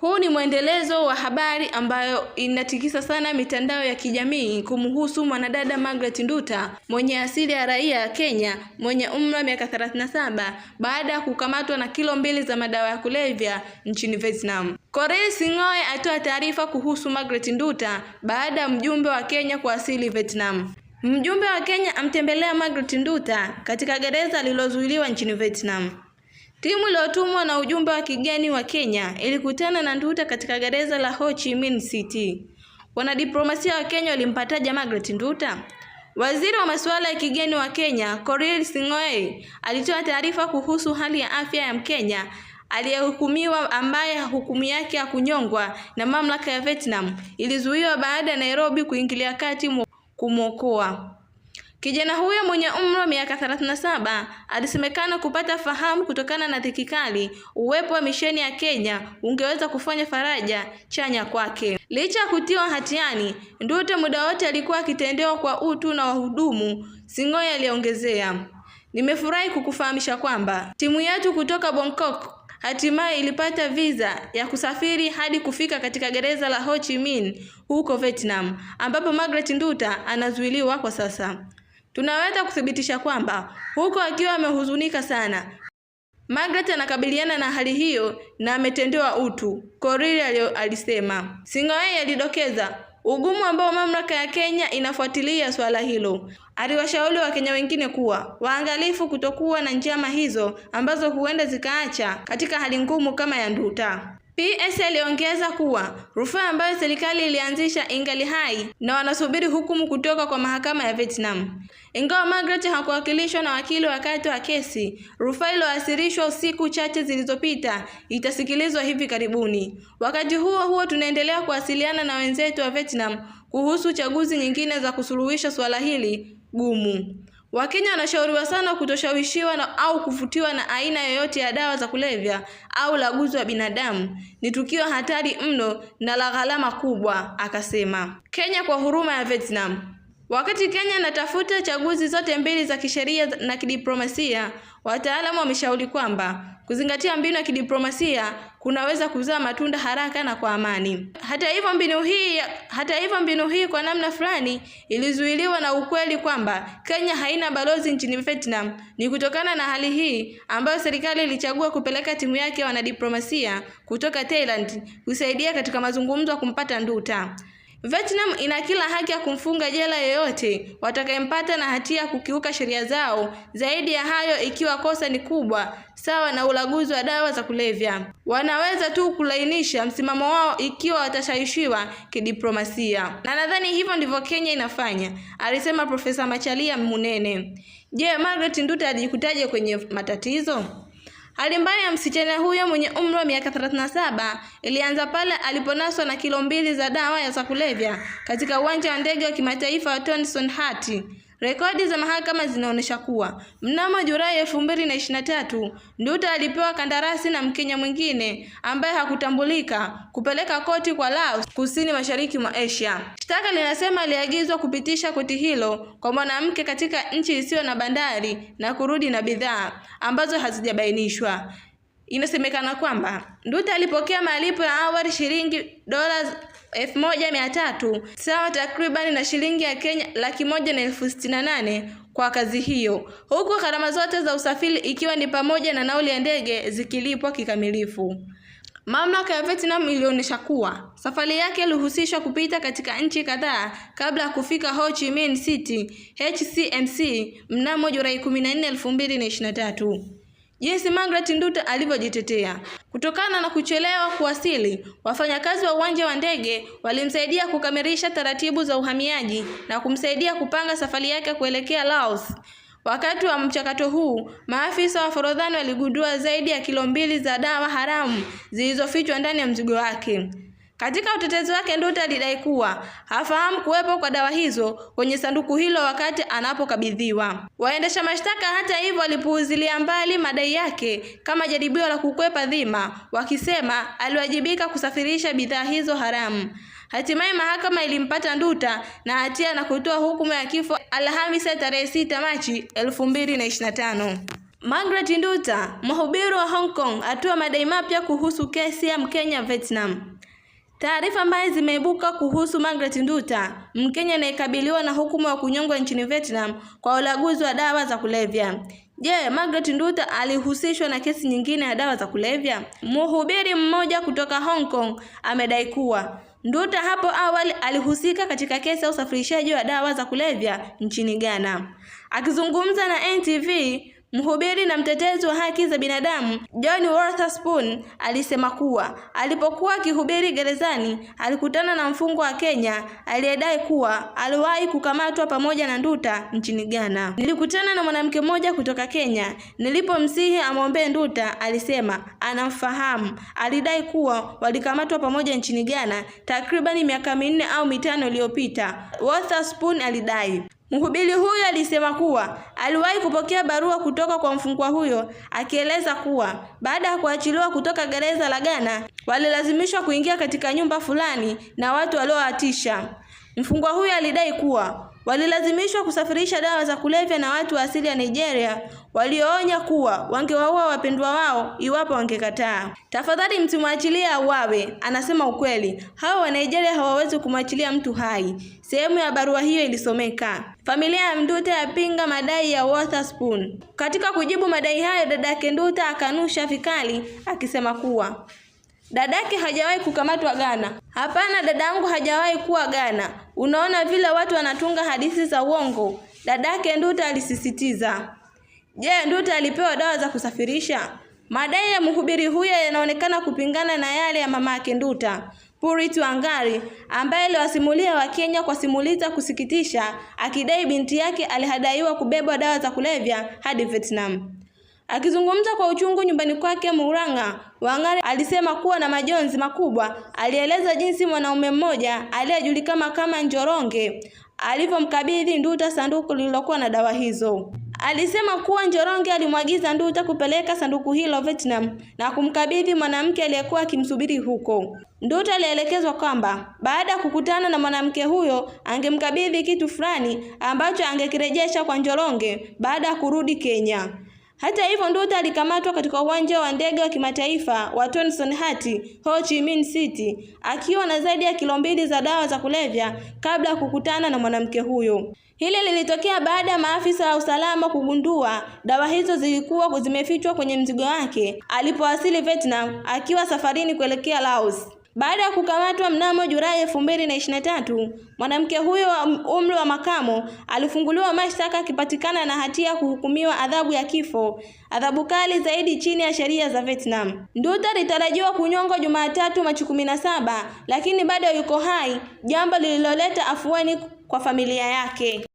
Huu ni mwendelezo wa habari ambayo inatikisa sana mitandao ya kijamii kumhusu mwanadada Margaret Nduta mwenye asili ya raia ya Kenya mwenye umri wa miaka 37 baada ya kukamatwa na kilo mbili za madawa ya kulevya nchini Vietnam. Korir Singoe atoa taarifa kuhusu Margaret Nduta baada ya mjumbe wa Kenya kuwasili Vietnam. Mjumbe wa Kenya amtembelea Margaret Nduta katika gereza lililozuiliwa nchini Vietnam. Timu iliyotumwa na ujumbe wa kigeni wa Kenya ilikutana na Nduta katika gereza la Ho Chi Minh City. Wanadiplomasia wa Kenya walimpataja Margaret Nduta. Waziri wa masuala ya kigeni wa Kenya, Korir Sing'oei, alitoa taarifa kuhusu hali ya afya ya Mkenya aliyehukumiwa ambaye hukumu yake ya kunyongwa na mamlaka ya Vietnam ilizuiwa baada ya Nairobi kuingilia kati kumwokoa. Kijana huyo mwenye umri wa miaka 37 alisemekana kupata fahamu kutokana na dhiki kali. Uwepo wa misheni ya Kenya ungeweza kufanya faraja chanya kwake. Licha ya kutiwa hatiani, Ndute muda wote alikuwa akitendewa kwa utu na wahudumu, Sing'oei aliongezea. Nimefurahi kukufahamisha kwamba timu yetu kutoka Bangkok hatimaye ilipata visa ya kusafiri hadi kufika katika gereza la Ho Chi Minh huko Vietnam, ambapo Margaret Nduta anazuiliwa kwa sasa tunaweza kuthibitisha kwamba huko akiwa amehuzunika sana, Margaret anakabiliana na hali hiyo na ametendewa utu, Korir alisema. Sing'oei alidokeza ugumu ambao mamlaka ya Kenya inafuatilia swala hilo. Aliwashauri Wakenya wengine kuwa waangalifu kutokuwa na njama hizo ambazo huenda zikaacha katika hali ngumu kama ya Nduta. PS aliongeza kuwa rufaa ambayo serikali ilianzisha ingali hai na wanasubiri hukumu kutoka kwa mahakama ya Vietnam. Ingawa Margaret hakuwakilishwa na wakili wakati wa kesi, rufaa iliyowasilishwa siku chache zilizopita itasikilizwa hivi karibuni. Wakati huo huo, tunaendelea kuwasiliana na wenzetu wa Vietnam kuhusu chaguzi nyingine za kusuluhisha suala hili gumu. Wakenya wanashauriwa sana kutoshawishiwa na au kuvutiwa na aina yoyote ya dawa za kulevya au ulaguzi wa binadamu. Ni tukio hatari mno na la gharama kubwa, akasema. Kenya kwa huruma ya Vietnam. Wakati Kenya inatafuta chaguzi zote mbili za kisheria na kidiplomasia, wataalamu wameshauri kwamba Kuzingatia mbinu ya kidiplomasia kunaweza kuzaa matunda haraka na kwa amani. Hata hivyo mbinu hii, hata hivyo mbinu hii kwa namna fulani ilizuiliwa na ukweli kwamba Kenya haina balozi nchini Vietnam. Ni kutokana na hali hii ambayo serikali ilichagua kupeleka timu yake ya wanadiplomasia kutoka Thailand kusaidia katika mazungumzo ya kumpata Nduta. Vietnam ina kila haki ya kumfunga jela yeyote watakayempata na hatia kukiuka sheria zao, zaidi ya hayo ikiwa kosa ni kubwa sawa na ulaguzi wa dawa za kulevya. Wanaweza tu kulainisha msimamo wao ikiwa watashawishiwa kidiplomasia, na nadhani hivyo ndivyo Kenya inafanya, alisema Profesa Macharia Munene. Je, Margaret Nduta alijikutaje kwenye matatizo? Hali mbaya ya msichana huyo mwenye umri wa miaka 37 ilianza pale aliponaswa na kilo mbili za dawa ya za kulevya katika uwanja wa ndege wa kimataifa wa Tonson Hati Rekodi za mahakama zinaonyesha kuwa mnamo Julai elfu mbili na ishirini na tatu Nduta alipewa kandarasi na Mkenya mwingine ambaye hakutambulika kupeleka koti kwa Laos, kusini mashariki mwa Asia. Shtaka linasema aliagizwa kupitisha koti hilo kwa mwanamke katika nchi isiyo na bandari na kurudi na bidhaa ambazo hazijabainishwa. Inasemekana kwamba Nduta alipokea malipo ya awali shilingi dola elfu moja mia tatu sawa takribani na shilingi ya Kenya laki moja na elfu sitini na nane kwa kazi hiyo, huku gharama zote za usafiri ikiwa ni pamoja na nauli ya ndege zikilipwa kikamilifu. Mamlaka ya Vietnam ilionyesha kuwa safari yake ilihusishwa kupita katika nchi kadhaa kabla ya kufika Ho Chi Minh City HCMC mnamo Julai 14, 2023 jinsi Margaret Nduta alivyojitetea. Kutokana na kuchelewa kuwasili, wafanyakazi wa uwanja wa ndege walimsaidia kukamilisha taratibu za uhamiaji na kumsaidia kupanga safari yake kuelekea Laos. Wakati wa mchakato huu, maafisa wa forodhani waligundua zaidi ya kilo mbili za dawa haramu zilizofichwa ndani ya mzigo wake. Katika utetezi wake Nduta alidai kuwa hafahamu kuwepo kwa dawa hizo kwenye sanduku hilo wakati anapokabidhiwa. Waendesha mashtaka hata hivyo walipuuzilia mbali madai yake kama jaribio la kukwepa dhima, wakisema aliwajibika kusafirisha bidhaa hizo haramu. Hatimaye mahakama ilimpata Nduta na hatia na kutoa hukumu ya kifo Alhamisi ya tarehe 6 Machi 2025. Margaret Nduta, mhubiri wa Hong Kong, atoa madai mapya kuhusu kesi ya Mkenya Vietnam. Taarifa ambayo zimeibuka kuhusu Margaret Nduta, Mkenya anayekabiliwa na hukumu ya kunyongwa nchini Vietnam kwa ulaguzi wa dawa za kulevya. Je, Margaret Nduta alihusishwa na kesi nyingine ya dawa za kulevya? Mhubiri mmoja kutoka Hong Kong amedai kuwa Nduta hapo awali alihusika katika kesi ya usafirishaji wa dawa za kulevya nchini Ghana. Akizungumza na NTV Mhubiri na mtetezi wa haki za binadamu John Witherspoon alisema kuwa alipokuwa akihubiri gerezani alikutana na mfungwa wa Kenya aliyedai kuwa aliwahi kukamatwa pamoja na Nduta nchini Ghana. Nilikutana na mwanamke mmoja kutoka Kenya, nilipomsihi amwombee Nduta alisema anamfahamu. Alidai kuwa walikamatwa pamoja nchini Ghana takribani miaka minne au mitano iliyopita, Witherspoon alidai. Mhubiri huyo alisema kuwa aliwahi kupokea barua kutoka kwa mfungwa huyo akieleza kuwa baada ya kuachiliwa kutoka gereza la Ghana walilazimishwa kuingia katika nyumba fulani na watu waliowatisha. Mfungwa huyo alidai kuwa walilazimishwa kusafirisha dawa za kulevya na watu wa asili ya Nigeria walioonya kuwa wangewaua wapendwa wao iwapo wangekataa. Tafadhali msimwachilie auawe, anasema ukweli. Hao wa Nigeria hawawezi kumwachilia mtu hai. Sehemu ya barua hiyo ilisomeka. Familia ya Mduta yapinga madai ya Waterspoon. Katika kujibu madai hayo, dada Nduta akanusha vikali akisema kuwa dadake hajawahi kukamatwa Ghana Hapana, dadangu hajawahi kuwa Ghana. Unaona vile watu wanatunga hadithi za uongo, dadake Nduta alisisitiza. Je, Nduta alipewa dawa za kusafirisha? Madai ya mhubiri huyo yanaonekana kupingana na yale ya mama yake Nduta, purit Wangari, ambaye aliwasimulia Wakenya kwa simulizi za kusikitisha, akidai binti yake alihadaiwa kubebwa dawa za kulevya hadi Vietnam. Akizungumza kwa uchungu nyumbani kwake Murang'a, Wangari alisema kuwa na majonzi makubwa. Alieleza jinsi mwanaume mmoja aliyejulikana kama Njoronge alivyomkabidhi Nduta sanduku lililokuwa na dawa hizo. Alisema kuwa Njoronge alimwagiza Nduta kupeleka sanduku hilo Vietnam na kumkabidhi mwanamke aliyekuwa akimsubiri huko. Nduta alielekezwa kwamba baada ya kukutana na mwanamke huyo angemkabidhi kitu fulani ambacho angekirejesha kwa Njoronge baada ya kurudi Kenya. Hata hivyo Nduta alikamatwa katika uwanja wa ndege wa kimataifa wa Tonson Hati, Ho Chi Minh City akiwa na zaidi ya kilo mbili za dawa za kulevya kabla ya kukutana na mwanamke huyo. Hili lilitokea baada ya maafisa wa usalama kugundua dawa hizo zilikuwa zimefichwa kwenye mzigo wake alipowasili Vietnam akiwa safarini kuelekea Laos. Baada ya kukamatwa mnamo Julai elfu mbili na ishirini na tatu, mwanamke huyo wa umri wa makamo alifunguliwa mashtaka akipatikana na hatia ya kuhukumiwa adhabu ya kifo, adhabu kali zaidi chini ya sheria za Vietnam. Nduta alitarajiwa kunyongwa Jumatatu, Machi kumi na saba, lakini bado yuko hai, jambo lililoleta afueni kwa familia yake.